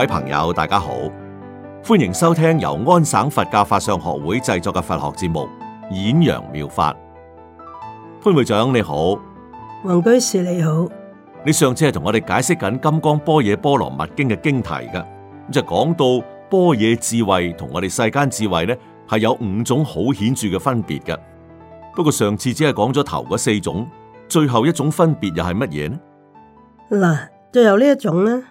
各位朋友，大家好，歡迎收聽由安省佛教法相學會製作嘅佛學節目《演揚妙法》。潘會長你好，黃居士，你好。你上次係同我哋解釋緊《金剛般若波羅蜜經》嘅經題噶，咁就講到般若智慧同我哋世間智慧咧，係有五種好顯著嘅分別嘅。不過上次只係講咗頭嗰四種，最後一種分別又係乜嘢呢？嗱，最後呢一種呢？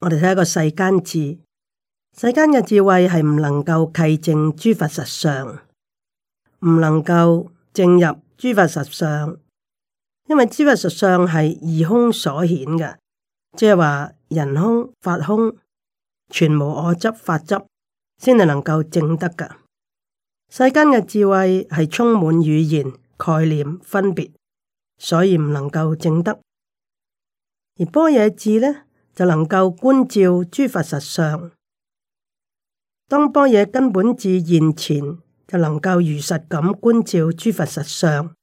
我哋睇一個世間智，世間嘅智慧係唔能夠契證諸法實相，唔能夠證入諸法實相，因為諸法實相係二空所顯嘅，即係話人空、法空，全無我執、法執，先係能夠證得嘅。世間嘅智慧係充滿語言、概念、分別，所以唔能夠證得。而般若智呢？就能夠觀照諸佛實相，當般若根本至現前就能夠如實咁觀照諸佛實相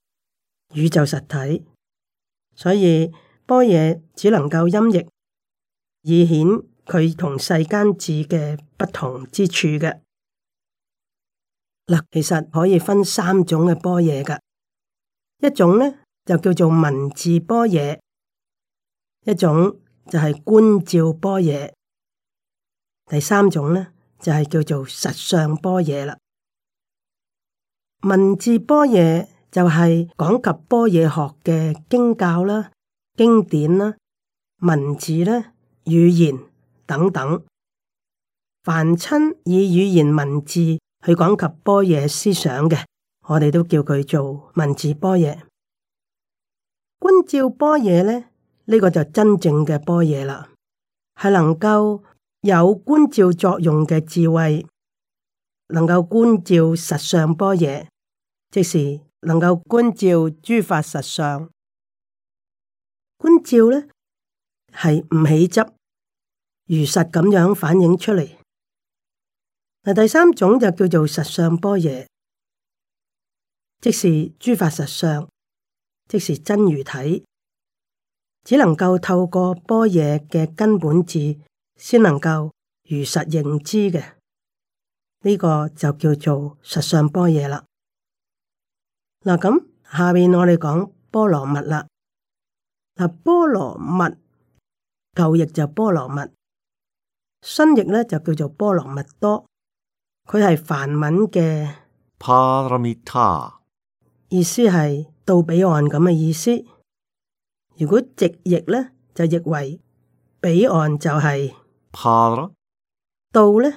宇宙實體，所以般若只能夠音譯，以顯佢同世間智嘅不同之處嘅。嗱，其實可以分三種嘅般若噶，一種呢，就叫做文字般若，一種。就係觀照般若。第三種呢，就係、是、叫做實相般若啦。文字般若就係講及般若學嘅經教啦、經典啦、文字啦、語言等等。凡親以語言文字去講及般若思想嘅，我哋都叫佢做文字般若。觀照般若呢。呢個就真正嘅般若啦，係能夠有觀照作用嘅智慧，能夠觀照實相般若，即是能夠觀照諸法實相。觀照咧係唔起執，如實咁樣反映出嚟。嗱，第三種就叫做實相般若，即是諸法實相，即是真如體。只能夠透過般若嘅根本智先能夠如實認知嘅，呢個就叫做實相般若啦。嗱咁，下面我哋講波羅蜜啦。嗱，波羅蜜舊譯就波羅蜜，新譯呢就叫做波羅蜜多，佢係梵文嘅 paramita，意思係到彼岸咁嘅意思。如果直譯咧，就譯為彼岸，就係道咧。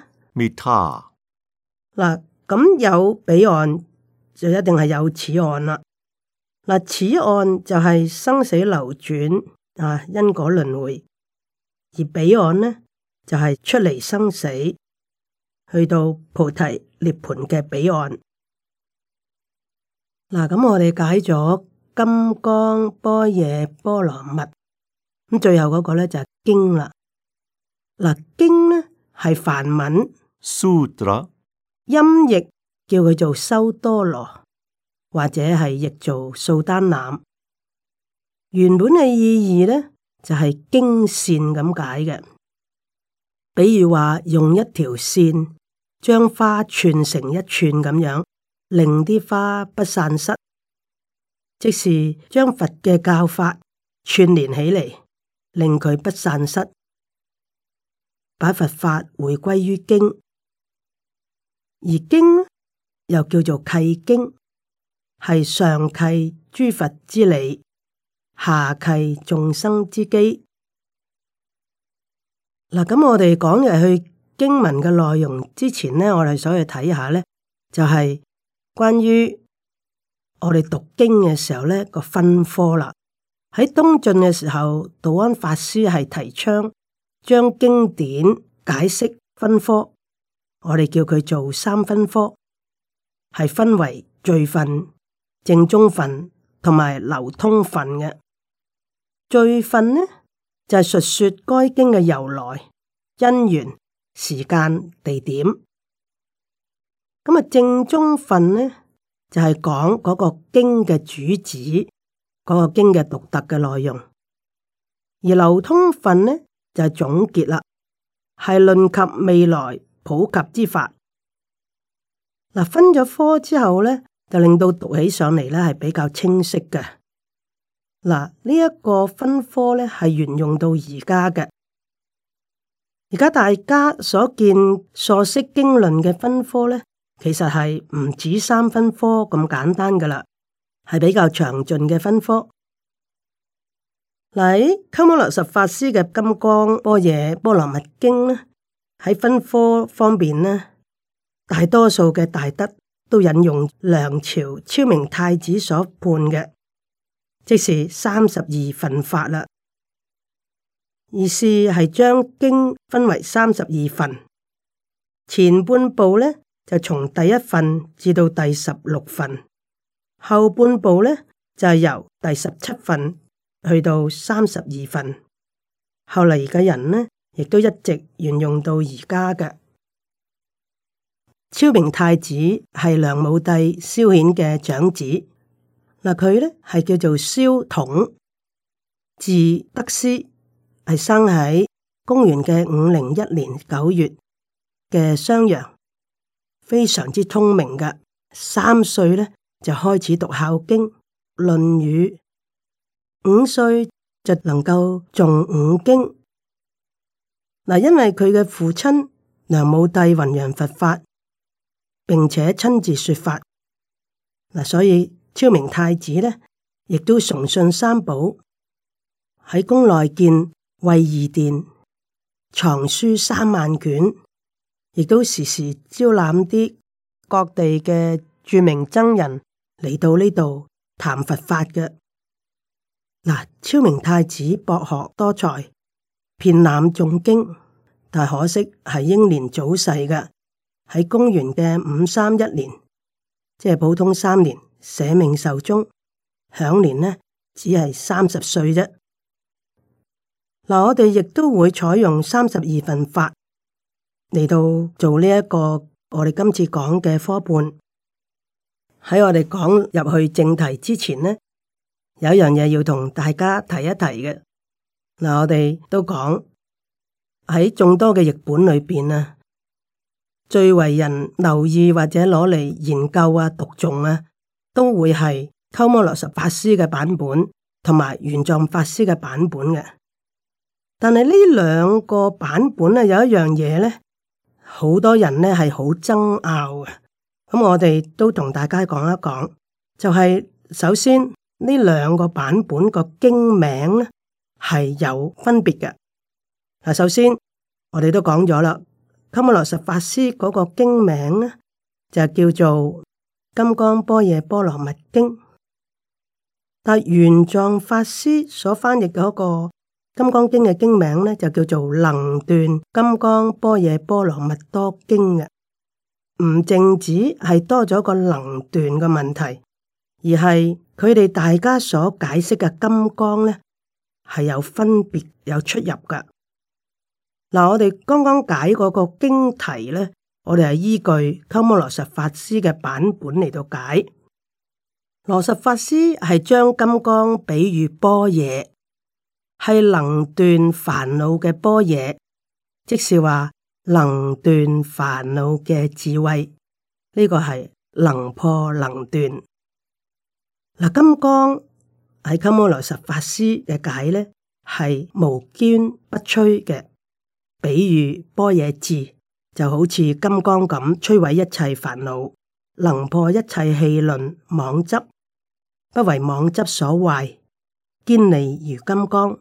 嗱，咁有彼岸，就一定係有此岸啦。嗱，此岸就係生死流轉啊，因果輪迴；而彼岸呢，就係、是、出離生死，去到菩提涅槃嘅彼岸。嗱，咁我哋解咗。金剛般若波羅蜜，咁最後嗰個咧就係經啦。嗱，經咧係梵文，Sutra，音譯叫佢做修多羅，或者係譯做素怛纜。原本嘅意義呢就係、是、經線咁解嘅，比如話用一條綫將花串成一串咁樣，令啲花不散失。即是將佛嘅教法串連起嚟，令佢不散失，把佛法回歸於經，而經又叫做契經，係上契諸佛之理，下契眾生之機。嗱，咁我哋講入去經文嘅內容之前呢，我哋想去睇下咧，就係關於。我哋讀經嘅時候呢個分科啦，喺東晉嘅時候，道安法師係提倡將經典解釋分科，我哋叫佢做三分科，係分為罪分、正宗分同埋流通分嘅。罪分呢就係、是、述說該經嘅由來、因緣、時間、地點。咁啊，正宗分呢？就係講嗰個經嘅主旨，嗰、那個經嘅獨特嘅內容。而流通分呢就係、是、總結啦，係論及未來普及之法。嗱、啊，分咗科之後呢，就令到讀起上嚟呢係比較清晰嘅。嗱、啊，呢、這、一個分科呢係沿用到而家嘅。而家大家所見所識經論嘅分科呢，其實係唔止三分科咁簡單噶啦，係比較詳盡嘅分科。嚟鳩摩羅什法師嘅《金剛般若波羅蜜經》呢，喺分科方面呢，大多數嘅大德都引用梁朝昭明太子所判嘅，即是三十二分法啦。意思係將經分為三十二份，前半部呢，就從第一份至到第十六份，後半部呢就係由第十七份去到三十二份，後嚟嘅人呢亦都一直沿用到而家嘅。昭明太子係梁武帝蕭衍嘅長子，嗱佢呢係叫做蕭統，字德施，係生喺公元嘅五零一年九月嘅襄陽。非常之聰明嘅，三歲呢，就開始讀《孝經》《論語》，五歲就能夠誦五經。嗱，因為佢嘅父親梁武帝弘揚佛法，並且親自說法，嗱，所以昭明太子呢，亦都崇信三寶，喺宮內建惠義殿，藏書三萬卷。亦都時時招攬啲各地嘅著名僧人嚟到呢度談佛法嘅。嗱，昭明太子博學多才，遍覽眾經，但可惜係英年早逝嘅。喺公元嘅五三一年，即係普通三年，捨命壽終，享年呢只係三十歲啫。嗱，我哋亦都會採用三十二分法。嚟到做呢一個我哋今次講嘅科判，喺我哋講入去正題之前呢，有一樣嘢要同大家提一提嘅。嗱，我哋都講喺眾多嘅譯本裏邊啊，最為人留意或者攞嚟研究啊、讀誦啊，都會係鳩摩羅什法師嘅版本同埋玄奘法師嘅版本嘅。但係呢兩個版本咧，有一樣嘢咧。好多人呢係好爭拗嘅，咁我哋都同大家講一講，就係、是、首先呢兩個版本個經名呢係有分別嘅。嗱，首先我哋都講咗啦，鳩摩羅什法師嗰個經名呢，就叫做《金剛般若波羅蜜經》，但玄奘法師所翻譯嗰、那個。金剛經嘅經名咧，就叫做《能斷金剛般若波羅蜜多經》嘅，唔淨止係多咗個能斷嘅問題，而係佢哋大家所解釋嘅金剛咧係有分別有出入噶。嗱，我哋剛剛解嗰個經題咧，我哋係依據鳩摩羅什法師嘅版本嚟到解，羅什法師係將金剛比喻般若。係能斷煩惱嘅般若，即是話能斷煩惱嘅智慧，呢、這個係能破能斷。嗱、啊，金剛喺《鳩摩羅什法師嘅解》呢，係無堅不摧嘅比喻。般若智就好似金剛咁摧毀一切煩惱，能破一切戲論妄執，不為妄執所壞，堅利如金剛。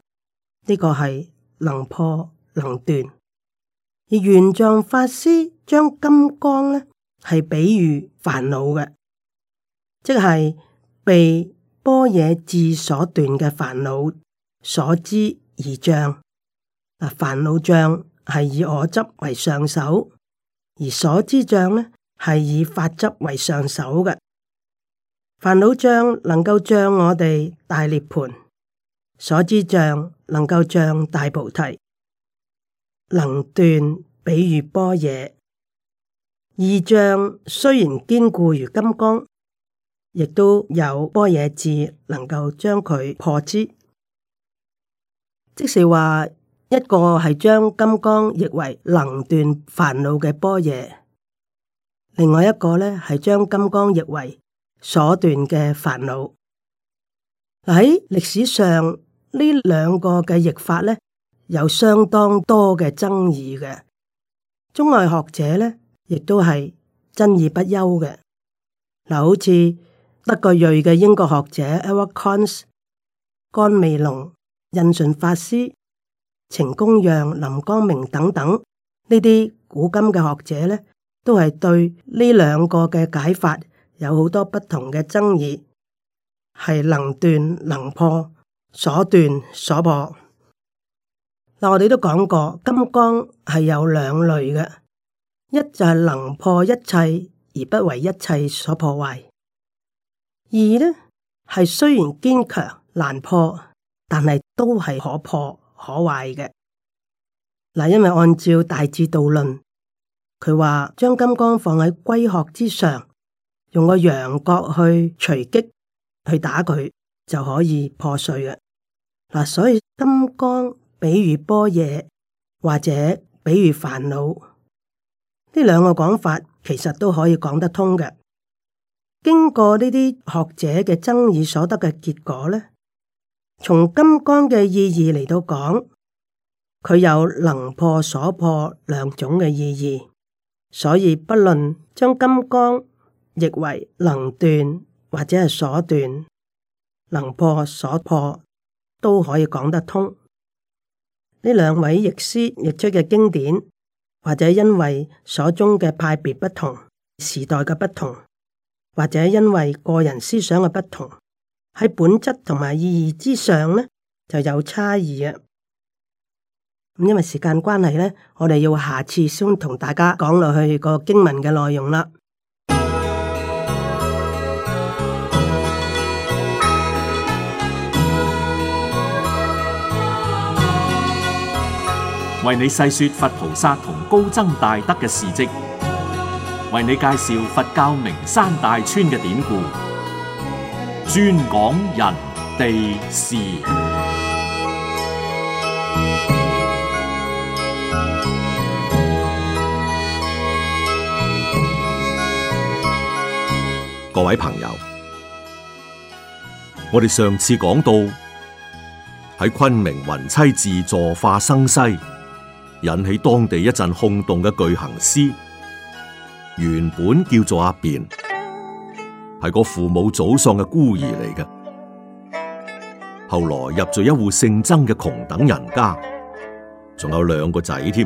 呢個係能破能斷，而玄奘法師將金剛呢，係比喻煩惱嘅，即係被般若智所斷嘅煩惱所知而障。嗱，煩惱障係以我執為上手，而所知障呢，係以法執為上手嘅。煩惱障能夠障我哋大涅盤，所知障，能夠像大菩提能斷，比如般若二障雖然堅固如金剛，亦都有般若智能夠將佢破之。即是話，一個係將金剛譯為能斷煩惱嘅般若，另外一個呢係將金剛譯為所斷嘅煩惱。喺歷史上。呢兩個嘅譯法咧，有相當多嘅爭議嘅，中外學者咧，亦都係爭議不休嘅。嗱，好似德國裔嘅英國學者 Edward Conze 干美龍、印順法師、程恭讓、林光明等等呢啲古今嘅學者咧，都係對呢兩個嘅解法有好多不同嘅爭議，係能斷能破。所斷所破，嗱，我哋都講過，金剛係有兩類嘅，一就係能破一切而不為一切所破壞；二呢，係雖然堅強難破，但係都係可破可壞嘅。嗱，因為按照大智度論，佢話將金剛放喺龜殼之上，用個羊角去錘擊去打佢，就可以破碎嘅。嗱，所以金剛，比喻般若，或者比喻煩惱，呢兩個講法其實都可以講得通嘅。經過呢啲學者嘅爭議所得嘅結果呢，從金剛嘅意義嚟到講，佢有能破所破兩種嘅意義，所以不論將金剛譯為能斷或者係所斷，能破所破。都可以講得通。呢兩位譯師譯出嘅經典，或者因為所中嘅派別不同，時代嘅不同，或者因為個人思想嘅不同，喺本質同埋意義之上呢，就有差異啊。咁因為時間關係呢，我哋要下次先同大家講落去個經文嘅內容啦。為你細說佛菩薩同高僧大德嘅事跡，為你介紹佛教名山大川嘅典故，專講人地事。各位朋友，我哋上次講到喺昆明雲棲寺坐化生西。引起當地一陣轟動嘅巨行屍，原本叫做阿辯，係個父母早喪嘅孤兒嚟嘅。後來入咗一戶姓曾嘅窮等人家，仲有兩個仔添。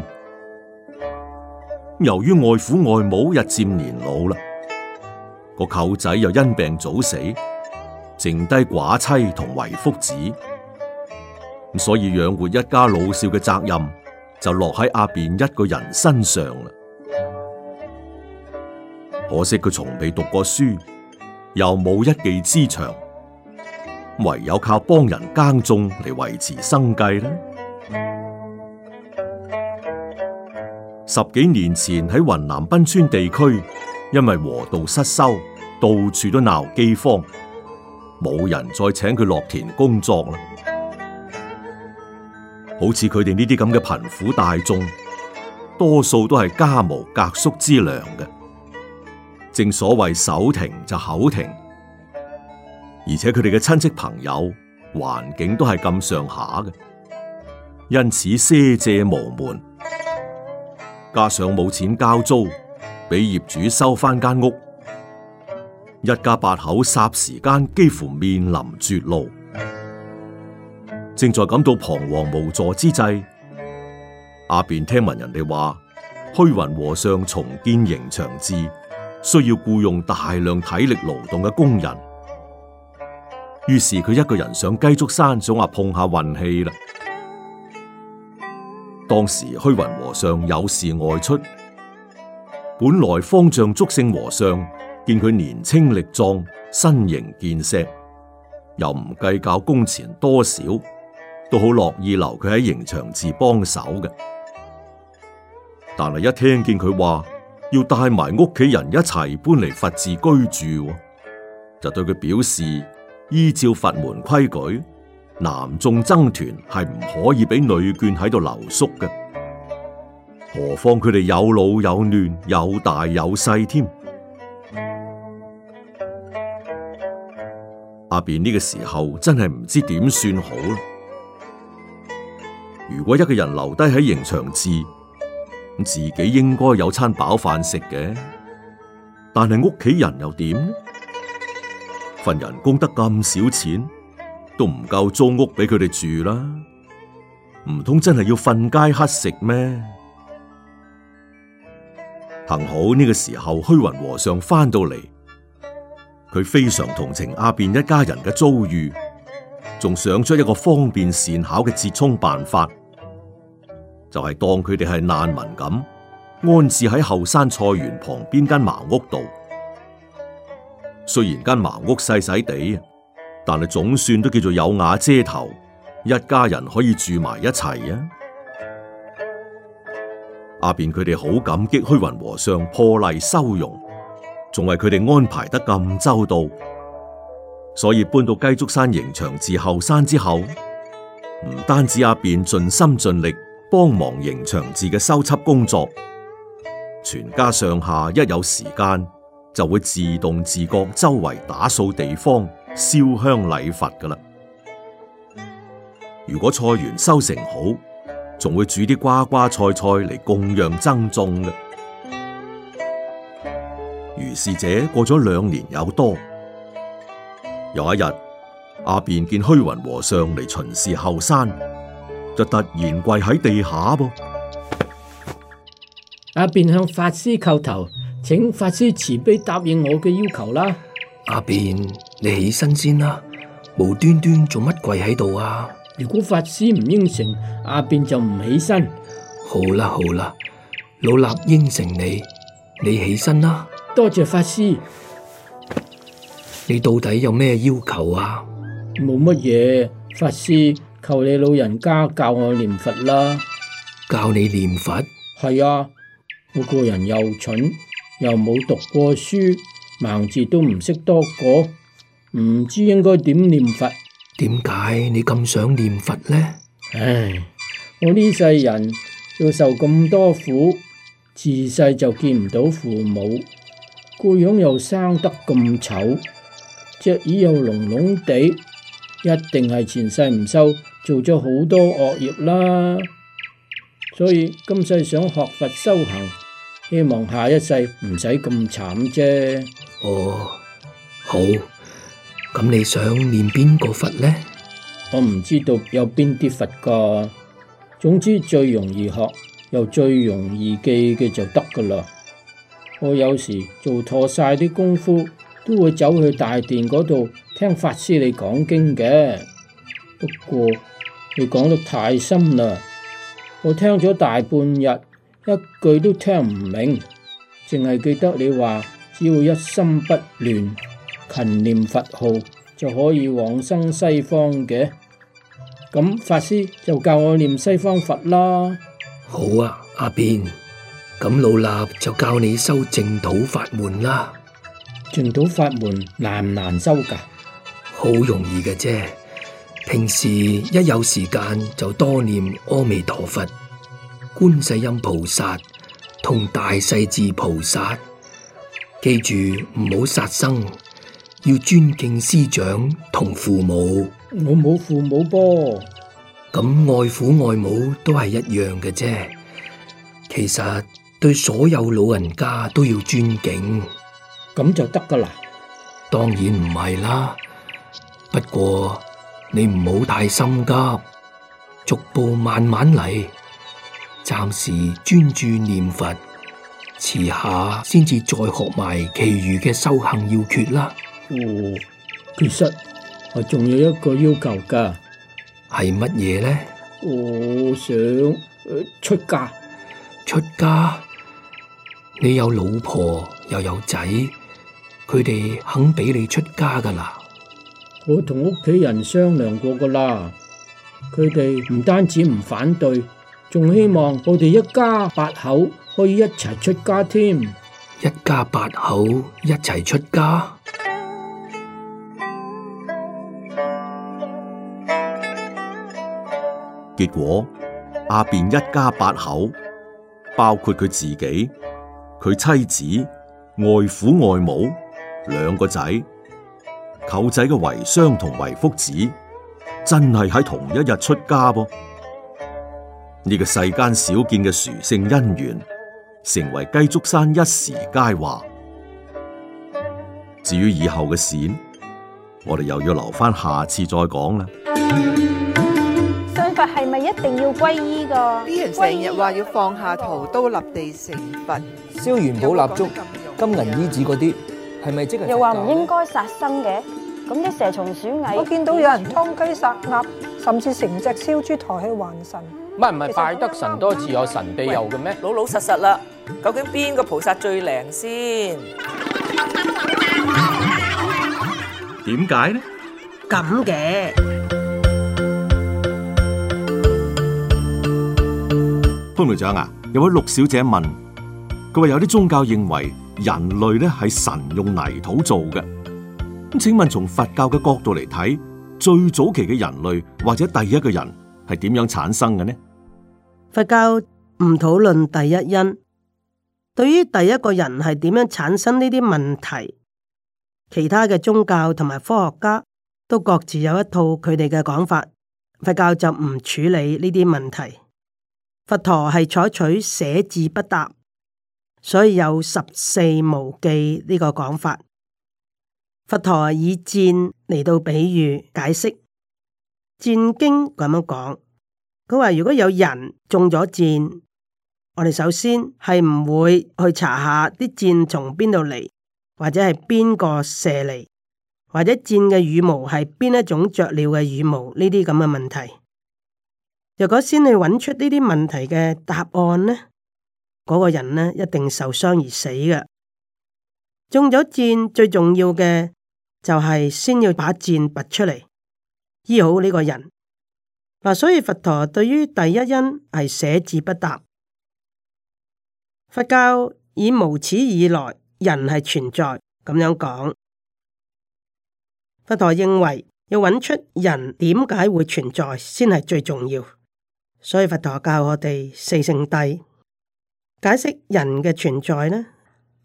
由於外父外母日漸年老啦，個舅仔又因病早死，剩低寡妻同遺腹子，咁所以養活一家老少嘅責任。就落喺阿辯一個人身上啦。可惜佢從未讀過書，又冇一技之長，唯有靠幫人耕種嚟維持生計。呢十幾年前喺雲南賓川地區，因為河道失修，到處都鬧饑荒，冇人再請佢落田工作啦。好似佢哋呢啲咁嘅貧苦大眾，多數都係家無隔宿之糧嘅，正所謂手停就口停，而且佢哋嘅親戚朋友環境都係咁上下嘅，因此賒借無門，加上冇錢交租，俾業主收翻間屋，一家八口霎時間幾乎面臨絕路。正在感到彷徨無助之際，阿辯聽聞人哋話虛雲和尚重建迎祥寺，需要雇傭大量體力勞動嘅工人，於是佢一個人上雞足山想話碰下運氣啦。當時虛雲和尚有事外出，本來方丈竹性和尚見佢年青力壯、身形健碩，又唔計較工錢多少。都好樂意留佢喺刑場寺幫手嘅，但係一聽見佢話要帶埋屋企人一齊搬嚟佛寺居住，就對佢表示依照佛門規矩，男眾僧團係唔可以俾女眷喺度留宿嘅，何況佢哋有老有嫩，有大有細添。阿辯呢個時候真係唔知點算好如果一個人留低喺刑場治，咁自己應該有餐飽飯食嘅，但係屋企人又點呢？份人工得咁少錢，都唔夠租屋俾佢哋住啦，唔通真係要瞓街乞食咩？幸好呢個時候虛雲和尚翻到嚟，佢非常同情阿辯一家人嘅遭遇。仲想出一個方便善巧嘅折衷辦法，就係當佢哋係難民咁，安置喺後山菜園旁邊間茅屋度。雖然間茅屋細細地，但係總算都叫做有瓦遮頭，一家人可以住埋一齊啊！阿辯佢哋好感激虛雲和尚破例收容，仲為佢哋安排得咁周到。所以搬到雞足山迎祥寺後山之後，唔單止阿辯盡心盡力幫忙迎祥寺嘅修葺工作，全家上下一有時間就會自動自覺周圍打掃地方、燒香禮佛噶啦。如果菜園收成好，仲會煮啲瓜瓜菜菜嚟供養僧眾嘅。如是者過咗兩年有多。有一日，阿辯見虛雲和尚嚟巡視後山，就突然跪喺地下噃。阿辯向法師叩頭，請法師慈悲答應我嘅要求啦。阿辯，你起身先啦，無端端做乜跪喺度啊？如果法師唔應承，阿辯就唔起身。好啦好啦，老衲應承你，你起身啦。多謝法師。你到底有咩要求啊？冇乜嘢，法師，求你老人家教我念佛啦。教你念佛？係啊，我個人又蠢又冇讀過書，盲字都唔識多個，唔知應該點念佛。點解你咁想念佛呢？唉，我呢世人要受咁多苦，自細就見唔到父母，個樣又生得咁醜。隻耳又聾聾地，一定係前世唔修，做咗好多惡業啦。所以今世想學佛修行，希望下一世唔使咁慘啫。哦，好，咁你想念邊個佛呢？我唔知道有邊啲佛噶，總之最容易學又最容易記嘅就得噶啦。我有時做錯晒啲功夫，都會走去大殿嗰度聽法師你講經嘅，不過你講得太深啦，我聽咗大半日，一句都聽唔明，淨係記得你話只要一心不亂，勤念佛號就可以往生西方嘅。咁法師就教我念西方佛啦。好啊，阿辯，咁老衲就教你修淨土法門啦。淨土法門難唔難修㗎？好容易嘅啫。平時一有時間就多念阿彌陀佛、觀世音菩薩同大勢至菩薩。記住唔好殺生，要尊敬師長同父母。我冇父母噃。咁外父外母都係一樣嘅啫。其實對所有老人家都要尊敬。咁就得噶啦，當然唔係啦。不過你唔好太心急，逐步慢慢嚟。暫時專注念佛，遲下先至再學埋其餘嘅修行要訣啦。哦，其實我仲有一個要求噶，係乜嘢呢？我想、呃、出家。出家，你有老婆又有仔。佢哋肯俾你出家噶啦？我同屋企人商量過噶啦，佢哋唔單止唔反對，仲希望我哋一家八口可以一齊出家添。一家八口一齊出家，結果阿辯一家八口，包括佢自己、佢妻子、外父、外母、兩個仔，舅仔嘅遺孀同遺腹子，真係喺同一日出家啵？呢、這個世間少見嘅殊勝因緣，成為雞足山一時佳話。至於以後嘅事，我哋又要留翻下次再講啦。信佛係咪一定要皈依㗎？啲人成日話要放下屠刀立地成佛，燒元寶、蠟燭、金銀衣紙嗰啲。又話唔應該殺生嘅，咁啲蛇蟲鼠蟻，我見到有人劏雞殺鴨，甚至成隻燒豬抬去還神，唔係唔係拜得神多自有神庇佑嘅咩？老老實實啦，究竟邊個菩薩最靈先？點解呢？咁嘅，潘會長啊，有位陸小姐問。佢話有啲宗教認為人類咧係神用泥土做嘅。咁，請問從佛教嘅角度嚟睇，最早期嘅人類或者第一個人係點樣產生嘅呢？佛教唔討論第一因，對於第一個人係點樣產生呢啲問題，其他嘅宗教同埋科學家都各自有一套佢哋嘅講法。佛教就唔處理呢啲問題。佛陀係採取捨置不答。所以有十四無忌呢個講法，佛陀以箭嚟到比喻解釋《箭經》咁樣講。佢話如果有人中咗箭，我哋首先係唔會去查下啲箭從邊度嚟，或者係邊個射嚟，或者箭嘅羽毛係邊一種雀鳥嘅羽毛呢啲咁嘅問題。若果先去揾出呢啲問題嘅答案呢？嗰個人咧，一定受傷而死嘅。中咗箭最重要嘅就係先要把箭拔出嚟，醫好呢個人。嗱，所以佛陀對於第一因係捨置不答。佛教以無始以來人係存在咁樣講，佛陀認為要揾出人點解會存在先係最重要，所以佛陀教我哋四聖諦。解釋人嘅存在呢，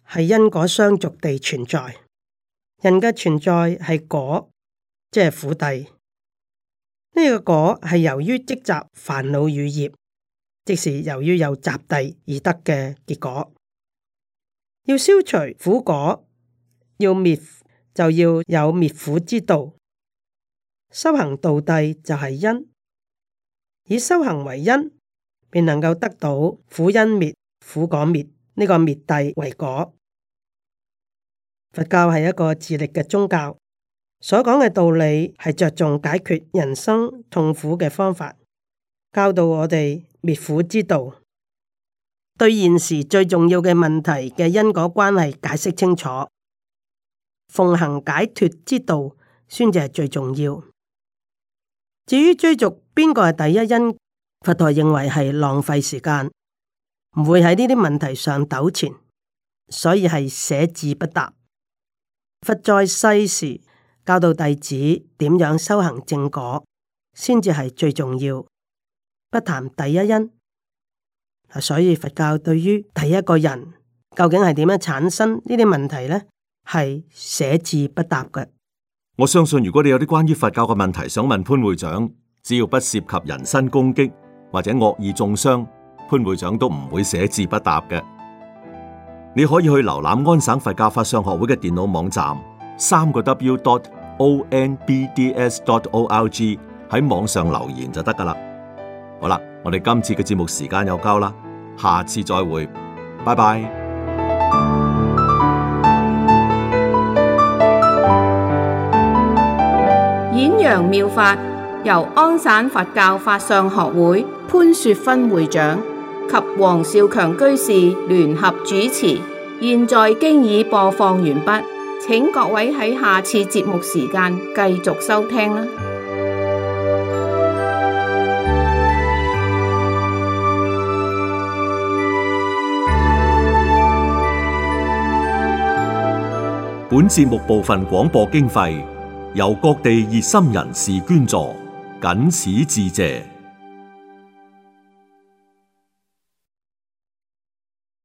係因果相續地存在。人嘅存在係果，即係苦諦。呢、這個果係由於積集煩惱與業，即是由於有集諦而得嘅結果。要消除苦果，要滅就要有滅苦之道。修行道諦就係因，以修行為因，便能夠得到苦因滅。苦果滅呢、這個滅帝為果，佛教係一個自力嘅宗教，所講嘅道理係着重解決人生痛苦嘅方法，教導我哋滅苦之道，對現時最重要嘅問題嘅因果關係解釋清楚，奉行解脫之道先至係最重要。至於追逐邊個係第一因，佛陀認為係浪費時間。唔會喺呢啲問題上糾纏，所以係捨置不答。佛在世時教導弟子點樣修行正果，先至係最重要。不談第一因，所以佛教對於第一個人究竟係點樣產生呢啲問題咧，係捨置不答嘅。我相信如果你有啲關於佛教嘅問題想問潘會長，只要不涉及人身攻擊或者惡意中傷。潘會長都唔會寫字不答嘅，你可以去瀏覽安省佛教法相學會嘅電腦網站，三個 W dot O N B D S dot O L G 喺網上留言就得噶啦。好啦，我哋今次嘅節目時間又夠啦，下次再會，拜拜。演揚妙法由安省佛教法相學會潘雪芬會長。及黃少強居士聯合主持，現在經已播放完畢，請各位喺下次節目時間繼續收聽啦。本節目部分廣播經費由各地熱心人士捐助，僅此致謝。